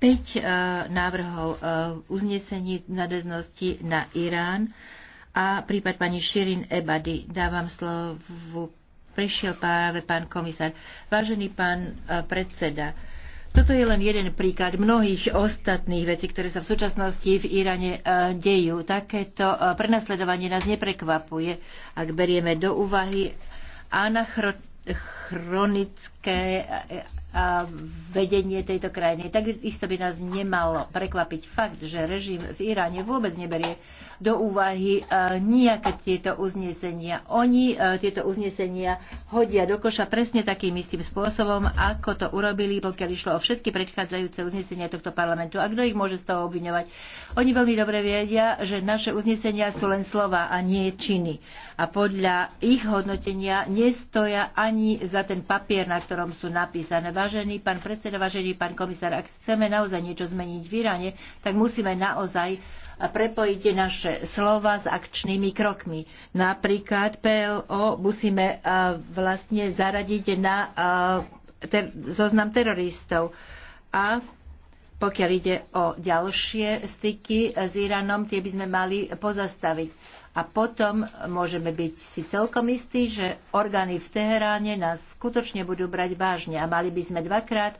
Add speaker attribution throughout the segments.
Speaker 1: 5 e, návrhov e, uznesení nadväznosti na Irán a prípad pani Širin Ebady. Dávam slovo. Prišiel práve pán komisár. Vážený pán e, predseda, toto je len jeden príklad mnohých ostatných vecí, ktoré sa v súčasnosti v Iráne dejú. Takéto prenasledovanie nás neprekvapuje, ak berieme do úvahy anachrot chronické e, e, a vedenie tejto krajiny. Takisto by nás nemalo prekvapiť fakt, že režim v Iráne vôbec neberie do úvahy e, nejaké tieto uznesenia. Oni tieto uznesenia hodia do koša presne takým istým spôsobom, ako to urobili, pokiaľ išlo o všetky predchádzajúce uznesenia tohto parlamentu. A kto ich môže z toho obviňovať? Oni veľmi dobre vedia, že naše uznesenia sú len slova a nie činy. A podľa ich hodnotenia nestoja ani ani za ten papier, na ktorom sú napísané. Vážený pán predseda, vážený pán komisár, ak chceme naozaj niečo zmeniť v Iráne, tak musíme naozaj prepojiť naše slova s akčnými krokmi. Napríklad PLO musíme vlastne zaradiť na ter- zoznam teroristov. A pokiaľ ide o ďalšie styky s Iránom, tie by sme mali pozastaviť a potom môžeme byť si celkom istí, že orgány v Teheráne nás skutočne budú brať vážne a mali by sme dvakrát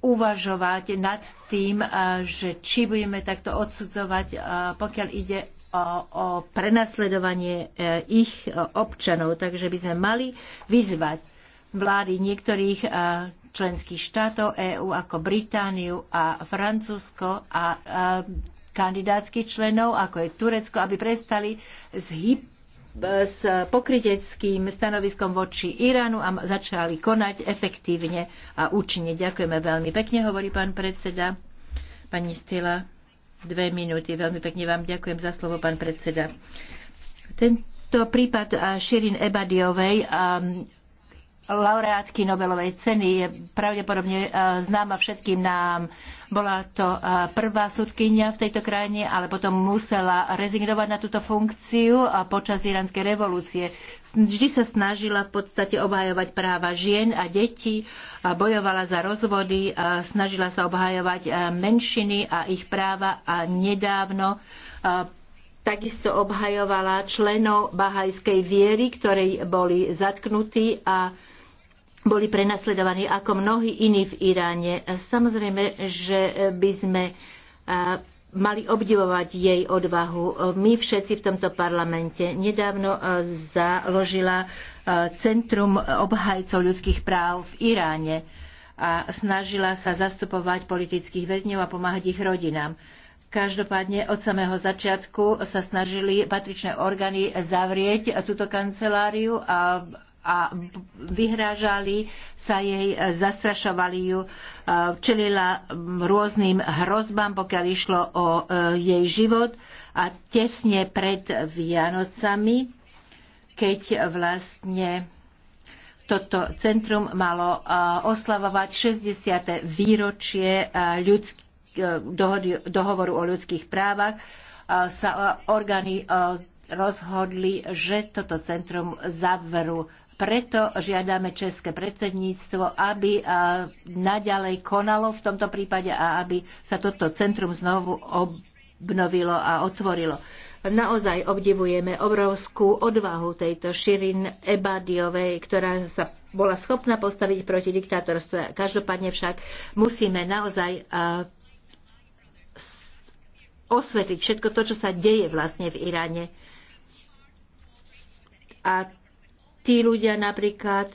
Speaker 1: uvažovať nad tým, že či budeme takto odsudzovať, pokiaľ ide o, o prenasledovanie e, ich občanov. Takže by sme mali vyzvať vlády niektorých členských štátov EÚ ako Britániu a Francúzsko a kandidátskych členov, ako je Turecko, aby prestali s, hip, s pokryteckým stanoviskom voči Iránu a začali konať efektívne a účinne. Ďakujeme veľmi pekne, hovorí pán predseda. Pani Stila, dve minúty. Veľmi pekne vám ďakujem za slovo, pán predseda. Ten, to prípad Širin Ebadiovej laureátky Nobelovej ceny je pravdepodobne eh, známa všetkým nám. Bola to eh, prvá súdkynia v tejto krajine, ale potom musela rezignovať na túto funkciu a počas iránskej revolúcie. Vždy sa snažila v podstate obhajovať práva žien a detí, a bojovala za rozvody, a snažila sa obhajovať eh, menšiny a ich práva a nedávno takisto obhajovala členov bahajskej viery, ktorí boli zatknutí a boli prenasledovaní ako mnohí iní v Iráne. Samozrejme, že by sme e, mali obdivovať jej odvahu. My všetci v tomto parlamente nedávno e, založila e, Centrum obhajcov ľudských práv v Iráne a snažila sa zastupovať politických väzňov a pomáhať ich rodinám. Každopádne od samého začiatku sa snažili patričné orgány zavrieť túto kanceláriu a a vyhrážali sa jej, e, zastrašovali ju, e, čelila rôznym hrozbám, pokiaľ išlo o e, jej život a tesne pred Vianocami, keď vlastne toto centrum malo oslavovať 60. výročie ľudský, dohovoru o ľudských právach, sa orgány rozhodli, že toto centrum zavrú preto žiadame české predsedníctvo, aby naďalej konalo v tomto prípade a aby sa toto centrum znovu obnovilo a otvorilo. Naozaj obdivujeme obrovskú odvahu tejto Širin Ebadiovej, ktorá sa bola schopná postaviť proti diktátorstve. Každopádne však musíme naozaj osvetliť všetko to, čo sa deje vlastne v Iráne. A Tí ľudia napríklad,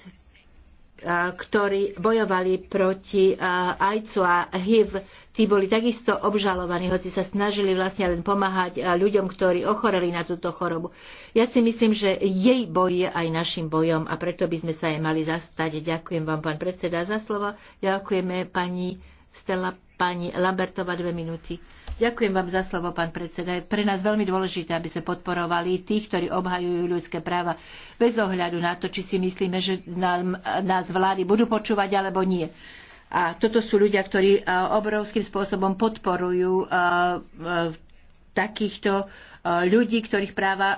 Speaker 1: ktorí bojovali proti AIDSu a HIV, tí boli takisto obžalovaní, hoci sa snažili vlastne len pomáhať ľuďom, ktorí ochoreli na túto chorobu. Ja si myslím, že jej boj je aj našim bojom a preto by sme sa jej mali zastať. Ďakujem vám, pán predseda, za slovo. Ďakujeme pani Stella, pani Lambertova, dve minúty. Ďakujem vám za slovo, pán predseda. Je pre nás veľmi dôležité, aby sme podporovali tých, ktorí obhajujú ľudské práva bez ohľadu na to, či si myslíme, že nám, nás vlády budú počúvať alebo nie. A toto sú ľudia, ktorí e, obrovským spôsobom podporujú e, e, takýchto ľudí, ktorých práva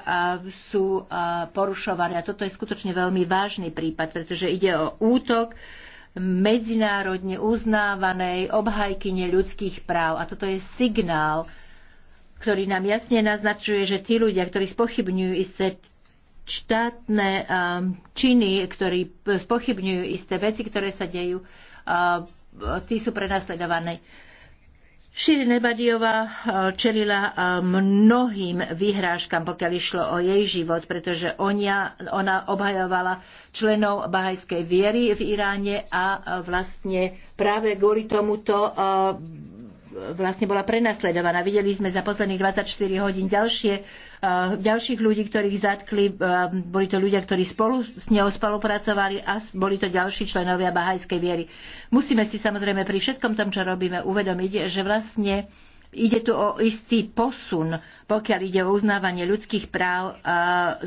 Speaker 1: sú porušované. A toto je skutočne veľmi vážny prípad, pretože ide o útok medzinárodne uznávanej obhajkyne ľudských práv. A toto je signál, ktorý nám jasne naznačuje, že tí ľudia, ktorí spochybňujú isté štátne činy, ktorí spochybňujú isté veci, ktoré sa dejú, tí sú prenasledovaní. Širin Ebadiová eh, čelila eh, mnohým vyhrážkam, pokiaľ išlo o jej život, pretože ona, ona obhajovala členov bahajskej viery v Iráne a eh, vlastne práve kvôli tomuto vlastne bola prenasledovaná. Videli sme za posledných 24 hodín ďalšie, eh, ďalších ľudí, ktorých zatkli. Eh, boli to ľudia, ktorí spolu s ňou spolupracovali a boli to ďalší členovia bahajskej viery. Musíme si samozrejme pri všetkom tom, čo robíme, uvedomiť, že vlastne Ide tu o istý posun, pokiaľ ide o uznávanie ľudských práv eh,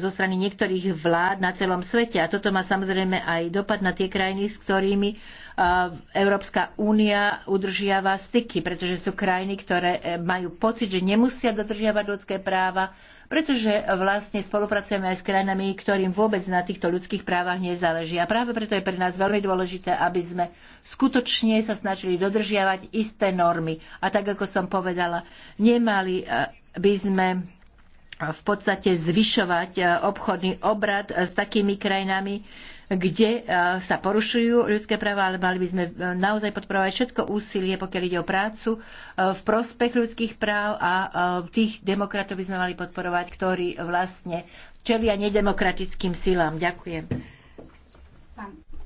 Speaker 1: zo strany niektorých vlád na celom svete. A toto má samozrejme aj dopad na tie krajiny, s ktorými Eh, Európska únia udržiava styky, pretože sú krajiny, ktoré eh, majú pocit, že nemusia dodržiavať ľudské práva, pretože vlastne spolupracujeme aj s krajinami, ktorým vôbec na týchto ľudských právach nezáleží. A práve preto je pre nás veľmi dôležité, aby sme skutočne sa snažili dodržiavať isté normy. A tak, ako som povedala, nemali eh, by sme v podstate zvyšovať obchodný obrad s takými krajinami, kde e, sa porušujú ľudské práva, ale mali by sme e, naozaj podporovať všetko úsilie, pokiaľ ide o prácu e, v prospech ľudských práv a tých demokratov by sme mali podporovať, ktorí vlastne čelia nedemokratickým silám. Ďakujem.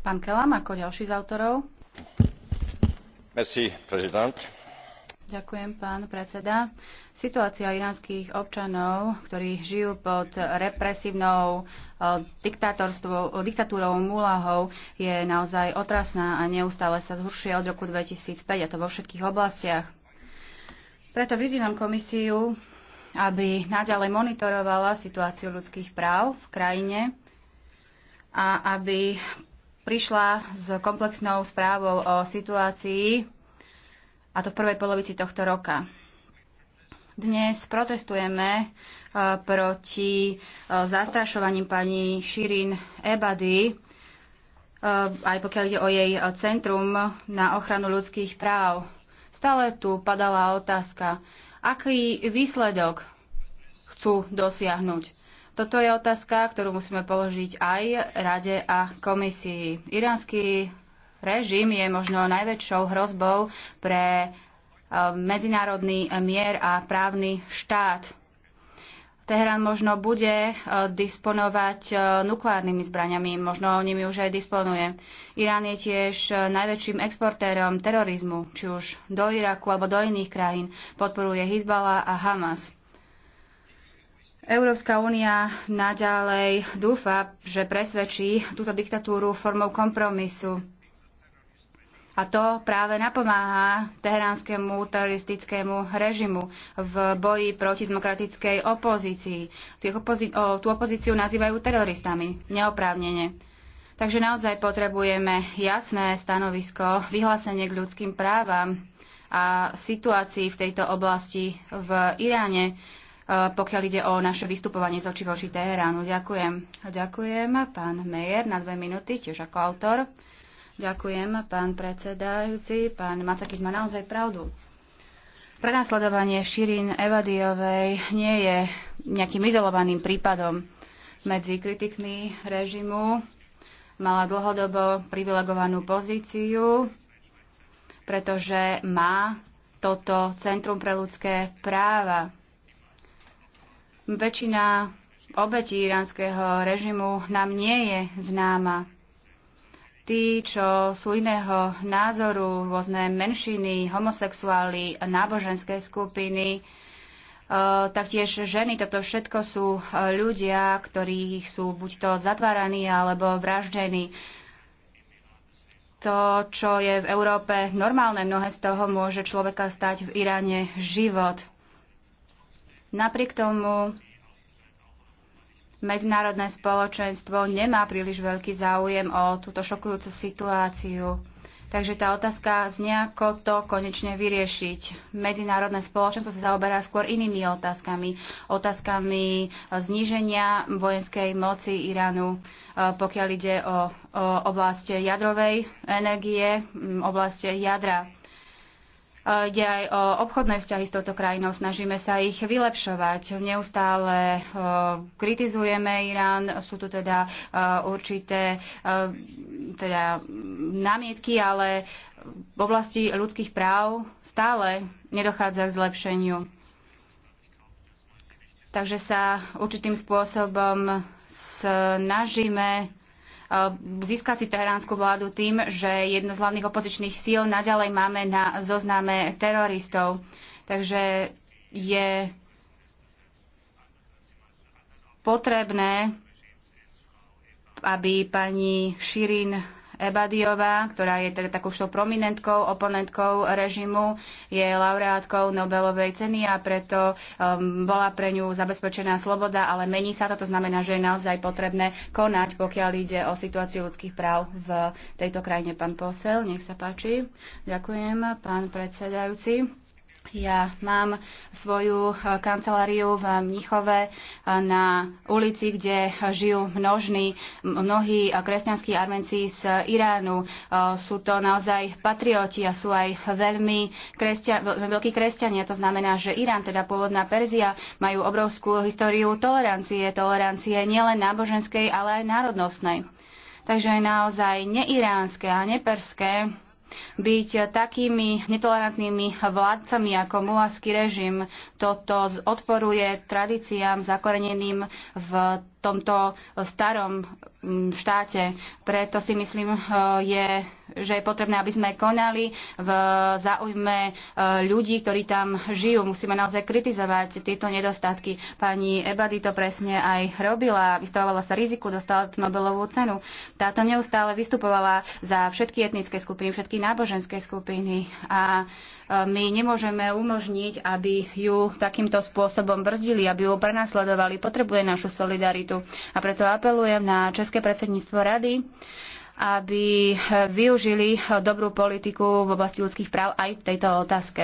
Speaker 2: Pán, Kelam, ako ďalší z autorov.
Speaker 1: Merci, prezident.
Speaker 2: Ďakujem, pán predseda. Situácia iránskych občanov, ktorí žijú pod represívnou eh, diktatúrou Mulahov, je naozaj otrasná a neustále sa zhoršuje od roku 2005, a to vo všetkých oblastiach. Preto vyzývam komisiu, aby naďalej monitorovala situáciu ľudských práv v krajine a aby prišla s komplexnou správou o situácii a to v prvej polovici tohto roka. Dnes protestujeme e, proti e, zastrašovaním pani Shirin Ebady, e, aj pokiaľ ide o jej centrum na ochranu ľudských práv. Stále tu padala otázka, aký výsledok chcú dosiahnuť. Toto je otázka, ktorú musíme položiť aj Rade a komisii. Iránsky režim je možno najväčšou hrozbou pre eh, medzinárodný mier a právny štát. Teherán možno bude eh, disponovať eh, nukleárnymi zbraniami, možno nimi už aj disponuje. Irán je tiež najväčším exportérom terorizmu, či už do Iraku alebo do iných krajín. Podporuje Hizbala a Hamas. Európska únia naďalej dúfa, že presvedčí túto diktatúru formou kompromisu a to práve napomáha teheránskému teroristickému režimu v boji proti demokratickej opozícii. tú opozíciu nazývajú teroristami, neoprávnene. Takže naozaj potrebujeme jasné stanovisko, vyhlásenie k ľudským právam a situácii v tejto oblasti v Iráne, e, pokiaľ ide o naše vystupovanie z očí voči Teheránu. Ďakujem. Ďakujem, pán Mejer, na dve minúty, tiež ako autor. Ďakujem, pán predsedajúci. Pán Macakis má naozaj pravdu. Prenasledovanie Širin Evadiovej nie je nejakým izolovaným prípadom. Medzi kritikmi režimu mala dlhodobo privilegovanú pozíciu, pretože má toto Centrum pre ľudské práva. Väčšina obetí iránskeho režimu nám nie je známa tí, čo sú iného názoru, rôzne menšiny, homosexuáli, náboženské skupiny, e, taktiež ženy, toto všetko sú e, ľudia, ktorí sú buď to zatváraní alebo vraždení. To, čo je v Európe normálne, mnohé z toho môže človeka stať v Iráne život. Napriek tomu medzinárodné spoločenstvo nemá príliš veľký záujem o túto šokujúcu situáciu. Takže tá otázka znie, ako to konečne vyriešiť. Medzinárodné spoločenstvo sa zaoberá skôr inými otázkami. Otázkami e, zníženia vojenskej moci Iránu, e, pokiaľ ide o, o oblasti jadrovej energie, oblasti jadra. Ide aj o obchodné vzťahy s touto krajinou, snažíme sa ich vylepšovať. Neustále kritizujeme Irán, sú tu teda určité teda námietky, ale v oblasti ľudských práv stále nedochádza k zlepšeniu. Takže sa určitým spôsobom snažíme Ehm, získať si teheránsku vládu tým, že jedno z hlavných opozičných síl naďalej máme na zozname teroristov. Takže je potrebné, aby pani Širin Ebadiová, ktorá je teda takou prominentkou, oponentkou režimu, je laureátkou Nobelovej ceny a preto um, bola pre ňu zabezpečená sloboda, ale mení sa to, to znamená, že je naozaj potrebné konať, pokiaľ ide o situáciu ľudských práv v tejto krajine. Pán posel, nech sa páči. Ďakujem, pán predsedajúci. Ja mám svoju eh, kanceláriu v Mnichove eh, na ulici, kde žijú množní, mnohí eh, kresťanskí armenci z Iránu. Sú to naozaj patrioti a sú aj veľmi kresťa, veľkí kresťania. To znamená, že Irán, teda pôvodná Perzia, majú obrovskú históriu tolerancie. Tolerancie nielen náboženskej, ale aj národnostnej. Takže je naozaj neiránske a neperské byť takými netolerantnými vládcami ako muársky režim. Toto odporuje tradíciám zakoreneným v tomto eh, starom mm, štáte. Preto si myslím, eh, je, že je potrebné, aby sme konali v eh, záujme ľudí, ktorí tam žijú. Musíme naozaj kritizovať tieto nedostatky. Pani Ebady to presne aj robila, vystavovala sa riziku, dostala Nobelovú cenu. Táto neustále vystupovala za všetky etnické skupiny, všetky náboženské skupiny a my nemôžeme umožniť, aby ju takýmto spôsobom brzdili, aby ju prenasledovali. Potrebuje našu solidaritu. A preto apelujem na České predsedníctvo rady, aby využili dobrú politiku v oblasti ľudských práv aj v tejto otázke.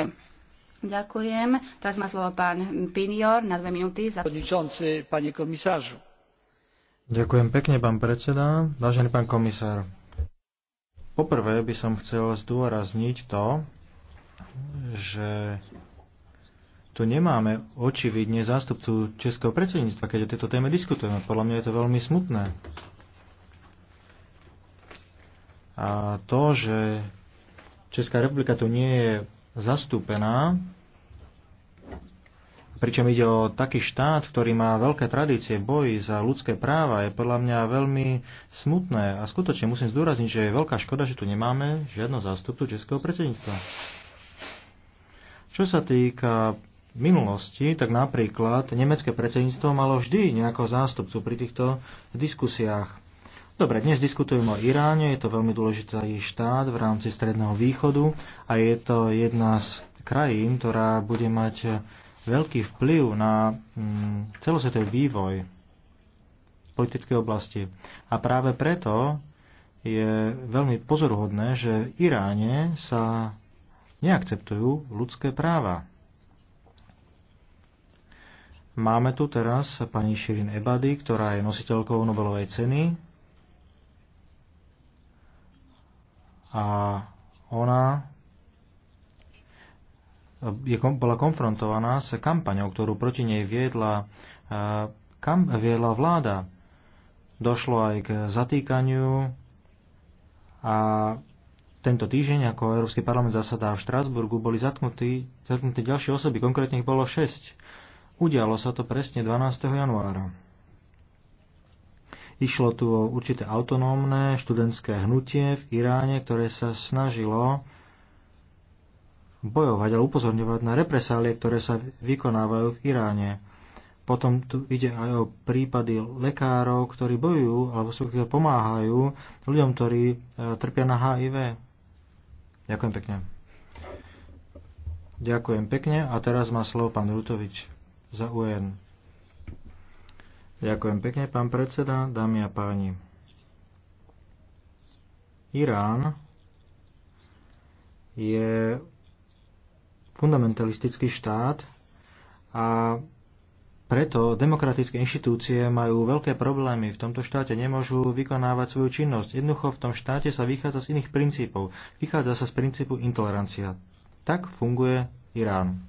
Speaker 2: Ďakujem. Teraz má slovo pán Pinior na dve minúty.
Speaker 3: Za... Pane komisážu. Ďakujem pekne, pán predseda. Vážený pán komisár, poprvé by som chcel zdôrazniť to, že tu nemáme očividne zástupcu českého predsedníctva, keď o tejto téme diskutujeme. Podľa mňa je to veľmi smutné. A to, že Česká republika tu nie je zastúpená, pričom ide o taký štát, ktorý má veľké tradície boji za ľudské práva, je podľa mňa veľmi smutné. A skutočne musím zdôrazniť, že je veľká škoda, že tu nemáme žiadno zástupcu českého predsedníctva. Čo sa týka minulosti, tak napríklad nemecké predsedníctvo malo vždy nejakého zástupcu pri týchto diskusiách. Dobre, dnes diskutujeme o Iráne, je to veľmi dôležitý štát v rámci Stredného východu a je to jedna z krajín, ktorá bude mať veľký vplyv na mm, celosvetový vývoj politickej oblasti. A práve preto je veľmi pozoruhodné, že v Iráne sa neakceptujú ľudské práva. Máme tu teraz pani Shirin Ebady, ktorá je nositeľkou Nobelovej ceny a ona je, bola konfrontovaná s kampaňou, ktorú proti nej viedla, e, kam, viedla vláda. Došlo aj k zatýkaniu a tento týždeň, ako Európsky parlament zasadá v Štrásburgu, boli zatknutí, zatknuté ďalšie osoby, konkrétne ich bolo 6. Udialo sa to presne 12. januára. Išlo tu o určité autonómne študentské hnutie v Iráne, ktoré sa snažilo bojovať a upozorňovať na represálie, ktoré sa vykonávajú v Iráne. Potom tu ide aj o prípady lekárov, ktorí bojujú alebo sú, ktorí pomáhajú ľuďom, ktorí eh, trpia na HIV. Ďakujem pekne. Ďakujem pekne a teraz má slovo pán Rutovič za UN. Ďakujem pekne, pán predseda, dámy a páni. Irán je fundamentalistický štát a preto demokratické inštitúcie majú veľké problémy. V tomto štáte nemôžu vykonávať svoju činnosť. Jednoducho v tom štáte sa vychádza z iných princípov. Vychádza sa z princípu intolerancia. Tak funguje Irán.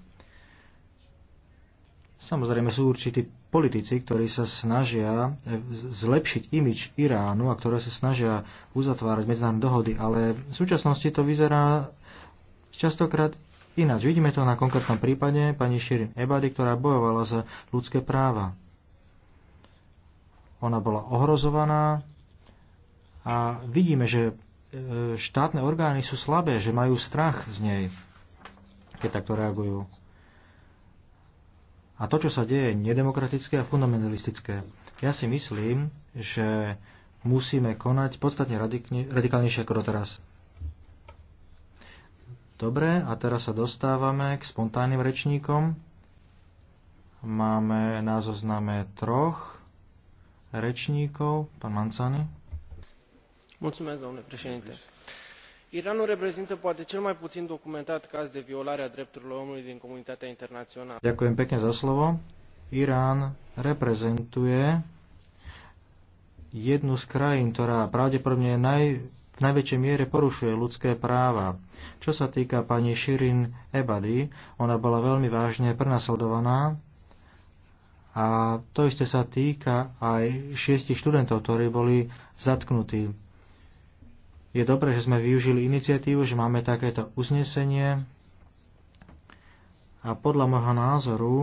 Speaker 3: Samozrejme sú určití politici, ktorí sa snažia zlepšiť imič Iránu a ktoré sa snažia uzatvárať medzinárodné dohody, ale v súčasnosti to vyzerá častokrát Ináč vidíme to na konkrétnom prípade pani Shirin Ebady, ktorá bojovala za ľudské práva. Ona bola ohrozovaná a vidíme, že e, štátne orgány sú slabé, že majú strach z nej, keď takto reagujú. A to, čo sa deje, je nedemokratické a fundamentalistické. Ja si myslím, že musíme konať podstatne radikálnejšie ako doteraz. Dobre, a teraz sa dostávame k spontánnym rečníkom. Máme na zozname troch rečníkov. Pán Mancani. Mulțumesc, domnule președinte. Iranul reprezintă poate cel mai puțin documentat caz de violare a drepturilor omului din comunitatea internațională. Ďakujem pekne za slovo. Irán reprezentuje jednu z krajín, ktorá pravdepodobne je naj, v najväčšej miere porušuje ľudské práva. Čo sa týka pani Shirin Ebadi, ona bola veľmi vážne prenasledovaná a to isté sa týka aj šiestich študentov, ktorí boli zatknutí. Je dobré, že sme využili iniciatívu, že máme takéto uznesenie a podľa môjho názoru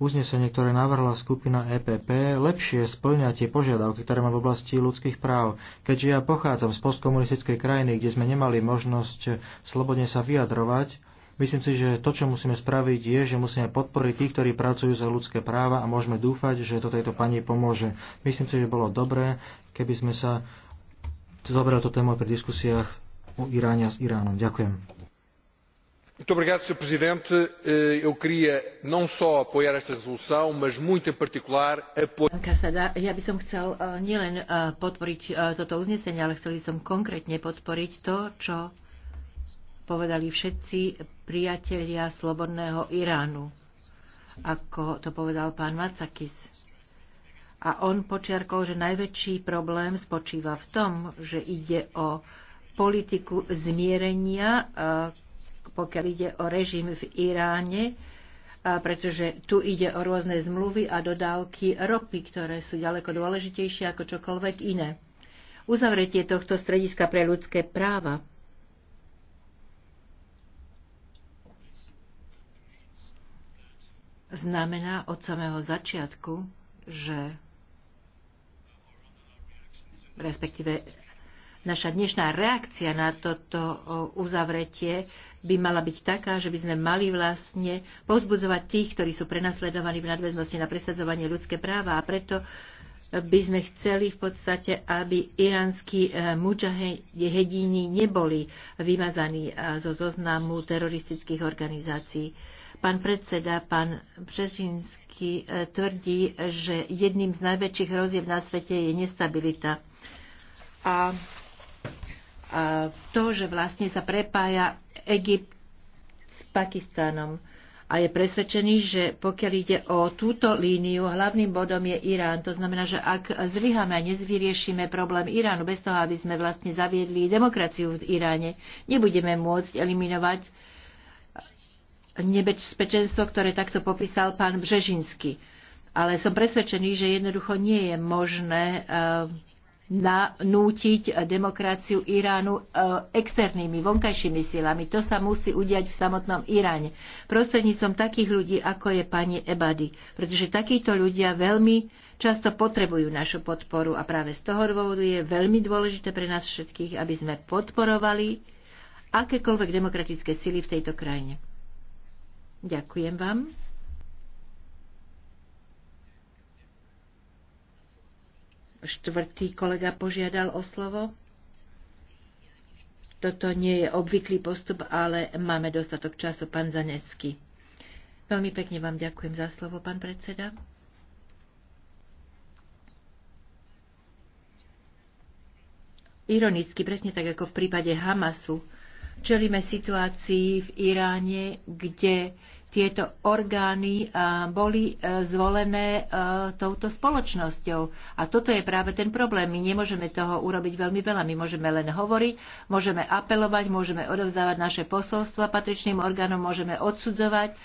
Speaker 3: uznesenie, ktoré navrhla skupina EPP, lepšie splňa tie požiadavky, ktoré má v oblasti ľudských práv. Keďže ja pochádzam z postkomunistickej krajiny, kde sme nemali možnosť slobodne sa vyjadrovať, myslím si, že to, čo musíme spraviť, je, že musíme podporiť tých, ktorí pracujú za ľudské práva a môžeme dúfať, že to tejto pani pomôže. Myslím si, že bolo dobré, keby sme sa zobrali to tému pri diskusiách o Iráne s Iránom. Ďakujem
Speaker 1: senhor presidente eh, eu queria não só apoiar esta resolução mas
Speaker 3: muito em particular apoiar.
Speaker 1: ja by som chcel eh, nielen eh, podporiť toto uznesenie ale chcel som konkrétne podporiť to čo povedali všetci priatelia slobodného Iránu ako to povedal pán Macakis. A on počiarkol, že najväčší problém spočíva v tom, že ide o politiku zmierenia, pokiaľ ide o režim v Iráne, pretože tu ide o rôzne zmluvy a dodávky ropy, ktoré sú ďaleko dôležitejšie ako čokoľvek iné. Uzavretie tohto strediska pre ľudské práva znamená od samého začiatku, že respektíve naša dnešná reakcia na toto uzavretie by mala byť taká, že by sme mali vlastne pozbudzovať tých, ktorí sú prenasledovaní v nadväznosti na presadzovanie ľudské práva a preto by sme chceli v podstate, aby iránsky e, mujahedíni neboli vymazaní e, zo zoznamu teroristických organizácií. Pán predseda, pán Břežinský e, tvrdí, že jedným z najväčších hrozieb na svete je nestabilita. A to, že vlastne sa prepája Egypt s Pakistanom a je presvedčený, že pokiaľ ide o túto líniu, hlavným bodom je Irán. To znamená, že ak zlyhame a nezvyriešime problém Iránu bez toho, aby sme vlastne zaviedli demokraciu v Iráne, nebudeme môcť eliminovať nebezpečenstvo, ktoré takto popísal pán Břežinsky. Ale som presvedčený, že jednoducho nie je možné eh, nanútiť demokraciu Iránu e, externými, vonkajšími silami. To sa musí udiať v samotnom Iráne. Prostrednícom takých ľudí, ako je pani Ebady. Pretože takíto ľudia veľmi často potrebujú našu podporu a práve z toho dôvodu je veľmi dôležité pre nás všetkých, aby sme podporovali akékoľvek demokratické sily v tejto krajine. Ďakujem vám. Štvrtý kolega požiadal o slovo. Toto nie je obvyklý postup, ale máme dostatok času, pán Zanecký. Veľmi pekne vám ďakujem za slovo, pán predseda. Ironicky, presne tak ako v prípade Hamasu, čelíme situácii v Iráne, kde tieto orgány eh, boli eh, zvolené eh, touto spoločnosťou. A toto je práve ten problém. My nemôžeme toho urobiť veľmi veľa. My môžeme len hovoriť, môžeme apelovať, môžeme odovzdávať naše posolstva patričným orgánom, môžeme odsudzovať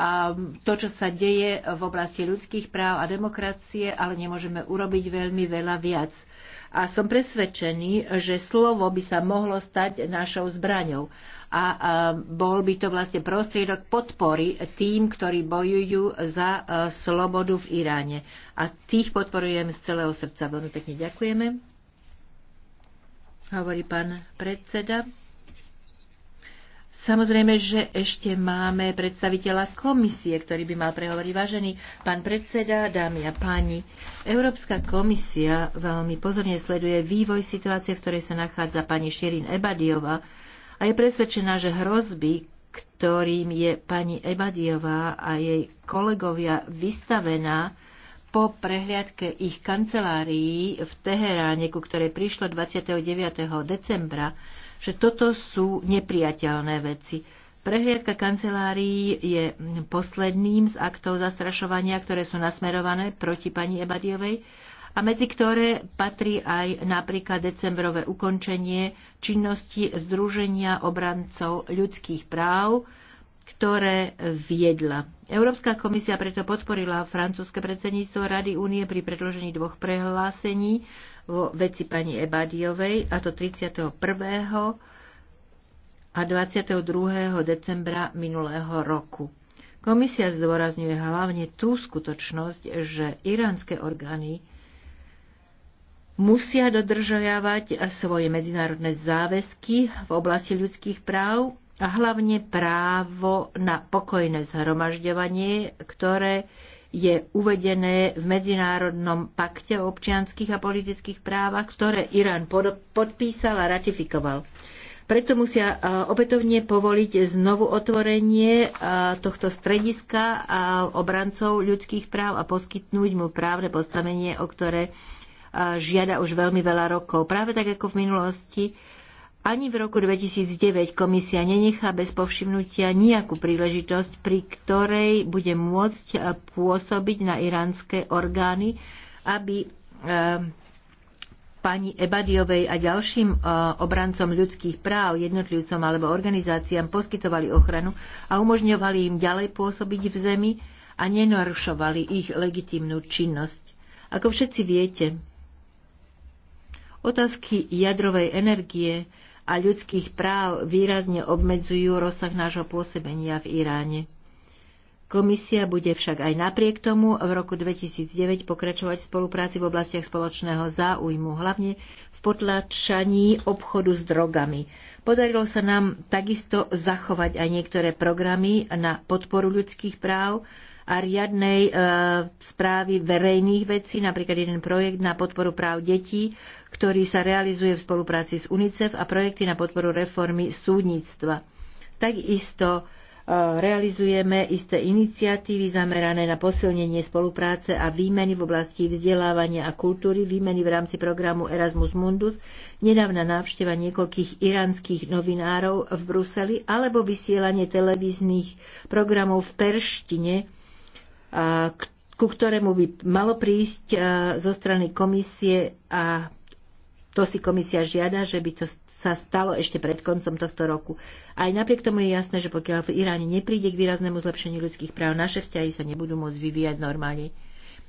Speaker 1: a to, čo sa deje v oblasti ľudských práv a demokracie, ale nemôžeme urobiť veľmi veľa viac. A som presvedčený, že slovo by sa mohlo stať našou zbraňou a bol by to vlastne prostriedok podpory tým, ktorí bojujú za e, slobodu v Iráne. A tých podporujem z celého srdca. Veľmi pekne ďakujeme. Hovorí pán predseda. Samozrejme, že ešte máme predstaviteľa komisie, ktorý by mal prehovoriť. Vážený pán predseda, dámy a páni, Európska komisia veľmi pozorne sleduje vývoj situácie, v ktorej sa nachádza pani Širin Ebadiova, a je presvedčená, že hrozby, ktorým je pani Ebadiová a jej kolegovia vystavená po prehliadke ich kancelárií v Teheráne, ku ktorej prišlo 29. decembra, že toto sú nepriateľné veci. Prehliadka kancelárií je posledným z aktov zastrašovania, ktoré sú nasmerované proti pani Ebadiovej a medzi ktoré patrí aj napríklad decembrové ukončenie činnosti Združenia obrancov ľudských práv, ktoré viedla. Európska komisia preto podporila francúzske predsedníctvo Rady únie pri predložení dvoch prehlásení vo veci pani Ebadiovej, a to 31. a 22. decembra minulého roku. Komisia zdôrazňuje hlavne tú skutočnosť, že iránske orgány musia dodržiavať svoje medzinárodné záväzky v oblasti ľudských práv a hlavne právo na pokojné zhromažďovanie, ktoré je uvedené v Medzinárodnom pakte o občianských a politických právach, ktoré Irán podpísal a ratifikoval. Preto musia opätovne povoliť znovu otvorenie tohto strediska a obrancov ľudských práv a poskytnúť mu právne postavenie, o ktoré žiada už veľmi veľa rokov. Práve tak ako v minulosti, ani v roku 2009 komisia nenechá bez povšimnutia nejakú príležitosť, pri ktorej bude môcť e, pôsobiť na iránske orgány, aby e, pani Ebadiovej a ďalším e, obrancom ľudských práv, jednotlivcom alebo organizáciám poskytovali ochranu a umožňovali im ďalej pôsobiť v zemi a nenarušovali ich legitímnu činnosť. Ako všetci viete, Otázky jadrovej energie a ľudských práv výrazne obmedzujú rozsah nášho pôsobenia v Iráne. Komisia bude však aj napriek tomu v roku 2009 pokračovať v spolupráci v oblastiach spoločného záujmu, hlavne v potlačaní obchodu s drogami. Podarilo sa nám takisto zachovať aj niektoré programy na podporu ľudských práv, a riadnej e, správy verejných vecí, napríklad jeden projekt na podporu práv detí, ktorý sa realizuje v spolupráci s UNICEF a projekty na podporu reformy súdnictva. Takisto e, realizujeme isté iniciatívy zamerané na posilnenie spolupráce a výmeny v oblasti vzdelávania a kultúry, výmeny v rámci programu Erasmus Mundus, nedávna návšteva niekoľkých iránskych novinárov v Bruseli alebo vysielanie televíznych programov v perštine ku ktorému by malo prísť zo strany komisie a to si komisia žiada, že by to sa stalo ešte pred koncom tohto roku. Aj napriek tomu je jasné, že pokiaľ v Iráne nepríde k výraznému zlepšeniu ľudských práv, naše vzťahy sa nebudú môcť vyvíjať normálne.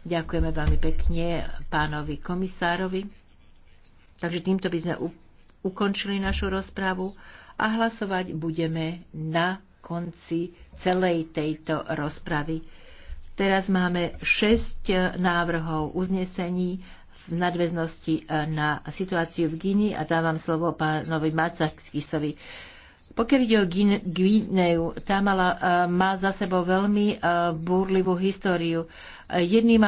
Speaker 1: Ďakujeme veľmi pekne pánovi komisárovi. Takže týmto by sme ukončili našu rozprávu a hlasovať budeme na konci celej tejto rozpravy. Teraz máme 6 e, návrhov uznesení v nadväznosti e, na situáciu v Gini a dávam slovo pánovi Macakisovi. Pokiaľ ide o Gvineu,
Speaker 2: tá mala, e, má za sebou veľmi búrlivú históriu. Jedným